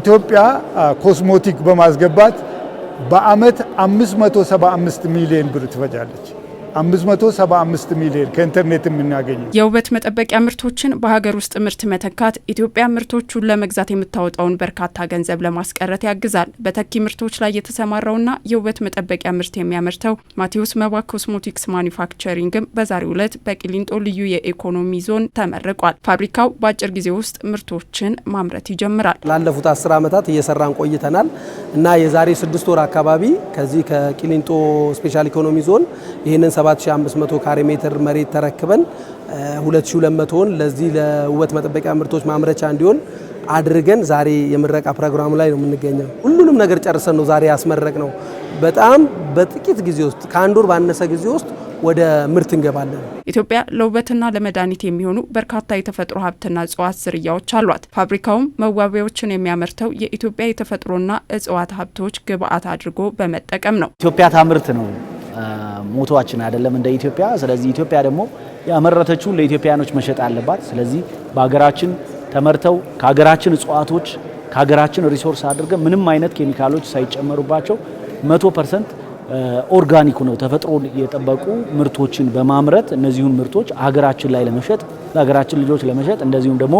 ኢትዮጵያ ኮስሞቲክ በማስገባት በአመት 575 ሚሊዮን ብር ትፈጃለች። 575 ሚሊዮን ከኢንተርኔት የምናገኘ የውበት መጠበቂያ ምርቶችን በሀገር ውስጥ ምርት መተካት ኢትዮጵያ ምርቶቹን ለመግዛት የምታወጣውን በርካታ ገንዘብ ለማስቀረት ያግዛል። በተኪ ምርቶች ላይ የተሰማራውና የውበት መጠበቂያ ምርት የሚያመርተው ማቴዎስ መባ ኮስሞቲክስ ማኒፋክቸሪንግም በዛሬው ዕለት በቂሊንጦ ልዩ የኢኮኖሚ ዞን ተመርቋል። ፋብሪካው በአጭር ጊዜ ውስጥ ምርቶችን ማምረት ይጀምራል። ላለፉት አስር ዓመታት እየሰራን ቆይተናል እና የዛሬ ስድስት ወር አካባቢ ከዚህ ከቂሊንጦ ስፔሻል ኢኮኖሚ ዞን ይህንን 7500 ካሬ ሜትር መሬት ተረክበን 2200ን ለዚህ ለውበት መጠበቂያ ምርቶች ማምረቻ እንዲሆን አድርገን ዛሬ የምረቃ ፕሮግራሙ ላይ ነው የምንገኘው። ሁሉንም ነገር ጨርሰን ነው ዛሬ ያስመረቅ ነው። በጣም በጥቂት ጊዜ ውስጥ ከአንድ ወር ባነሰ ጊዜ ውስጥ ወደ ምርት እንገባለን። ኢትዮጵያ ለውበትና ለመድኃኒት የሚሆኑ በርካታ የተፈጥሮ ሀብትና እጽዋት ዝርያዎች አሏት። ፋብሪካውም መዋቢያዎችን የሚያመርተው የኢትዮጵያ የተፈጥሮና እጽዋት ሀብቶች ግብአት አድርጎ በመጠቀም ነው። ኢትዮጵያ ታምርት ነው ሞቷችን አይደለም እንደ ኢትዮጵያ። ስለዚህ ኢትዮጵያ ደግሞ ያመረተችውን ለኢትዮጵያኖች መሸጥ አለባት። ስለዚህ በሀገራችን ተመርተው ከሀገራችን እጽዋቶች ከሀገራችን ሪሶርስ አድርገን ምንም አይነት ኬሚካሎች ሳይጨመሩባቸው መቶ ፐርሰንት ኦርጋኒክ ነው ተፈጥሮን የጠበቁ ምርቶችን በማምረት እነዚሁን ምርቶች ሀገራችን ላይ ለመሸጥ ለሀገራችን ልጆች ለመሸጥ እንደዚሁም ደግሞ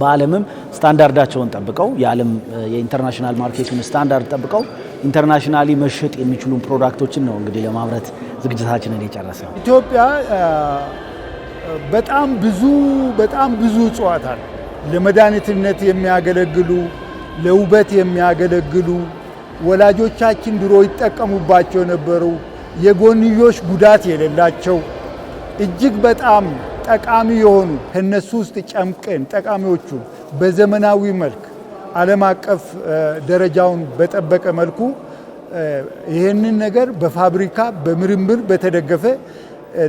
በዓለምም ስታንዳርዳቸውን ጠብቀው የዓለም የኢንተርናሽናል ማርኬቱን ስታንዳርድ ጠብቀው ኢንተርናሽናሊ መሸጥ የሚችሉ ፕሮዳክቶችን ነው እንግዲህ ለማምረት ዝግጅታችንን ነው። ኢትዮጵያ በጣም ብዙ በጣም ብዙ እጽዋት አለ ለመድኃኒትነት የሚያገለግሉ ለውበት የሚያገለግሉ ወላጆቻችን ድሮ ይጠቀሙባቸው የነበሩ የጎንዮሽ ጉዳት የሌላቸው እጅግ በጣም ጠቃሚ የሆኑ ከነሱ ውስጥ ጨምቀን ጠቃሚዎቹ በዘመናዊ መልክ ዓለም አቀፍ ደረጃውን በጠበቀ መልኩ ይህንን ነገር በፋብሪካ በምርምር በተደገፈ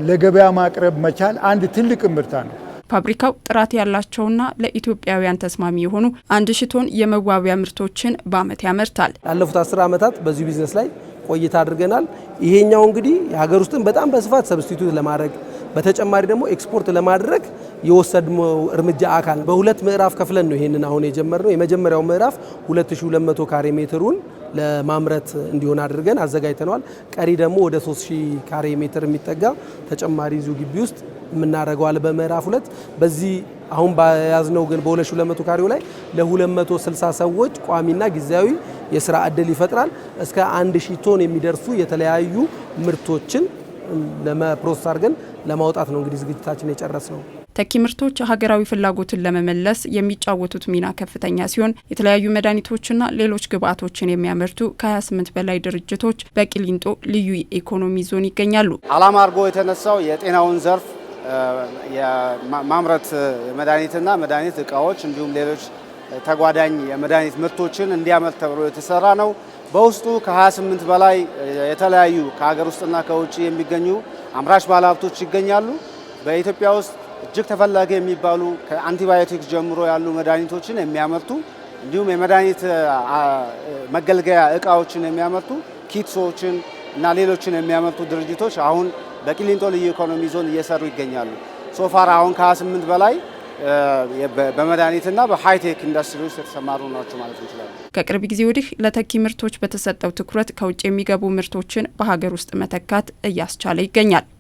ለገበያ ማቅረብ መቻል አንድ ትልቅ ምርታ ነው። ፋብሪካው ጥራት ያላቸውና ለኢትዮጵያውያን ተስማሚ የሆኑ አንድ ሺ ቶን የመዋቢያ ምርቶችን በዓመት ያመርታል። ላለፉት አስር ዓመታት በዚሁ ቢዝነስ ላይ ቆይታ አድርገናል። ይሄኛው እንግዲህ የሀገር ውስጥን በጣም በስፋት ሰብስቲቱት ለማድረግ በተጨማሪ ደግሞ ኤክስፖርት ለማድረግ የወሰድነው እርምጃ አካል በሁለት ምዕራፍ ከፍለን ነው ይሄንን አሁን የጀመርነው። የመጀመሪያው ምዕራፍ 2200 ካሬ ሜትሩን ለማምረት እንዲሆን አድርገን አዘጋጅተነዋል። ቀሪ ደግሞ ወደ 3000 ካሬ ሜትር የሚጠጋ ተጨማሪ ዙ ግቢ ውስጥ የምናደርገዋል በምዕራፍ ሁለት በዚህ አሁን በያዝነው ግን በ2200 ካሬው ላይ ለ260 ሰዎች ቋሚና ጊዜያዊ የስራ እድል ይፈጥራል። እስከ 1000 ቶን የሚደርሱ የተለያዩ ምርቶችን ፕሮሰስ አድርገን ለማውጣት ነው እንግዲህ ዝግጅታችን የጨረስ ነው። ተኪ ምርቶች ሀገራዊ ፍላጎትን ለመመለስ የሚጫወቱት ሚና ከፍተኛ ሲሆን የተለያዩ መድኃኒቶችና ሌሎች ግብአቶችን የሚያመርቱ ከ28 በላይ ድርጅቶች በቂሊንጦ ልዩ የኢኮኖሚ ዞን ይገኛሉ። አላማ አድርጎ የተነሳው የጤናውን ዘርፍ ማምረት መድኃኒትና መድኃኒት እቃዎች እንዲሁም ሌሎች ተጓዳኝ የመድኃኒት ምርቶችን እንዲያመርት ተብሎ የተሰራ ነው። በውስጡ ከ28 በላይ የተለያዩ ከሀገር ውስጥና ከውጭ የሚገኙ አምራች ባለሀብቶች ይገኛሉ። በኢትዮጵያ ውስጥ እጅግ ተፈላጊ የሚባሉ ከአንቲባዮቲክስ ጀምሮ ያሉ መድኃኒቶችን የሚያመርቱ እንዲሁም የመድኃኒት መገልገያ እቃዎችን የሚያመርቱ ኪትሶችን እና ሌሎችን የሚያመርቱ ድርጅቶች አሁን በቂሊንጦ ልዩ ኢኮኖሚ ዞን እየሰሩ ይገኛሉ። ሶፋር አሁን ከ28 በላይ በመድኃኒትና በሃይቴክ ውስጥ የተሰማሩ ናቸው ማለት እንችላለን። ከቅርብ ጊዜ ወዲህ ለተኪ ምርቶች በተሰጠው ትኩረት ከውጭ የሚገቡ ምርቶችን በሀገር ውስጥ መተካት እያስቻለ ይገኛል።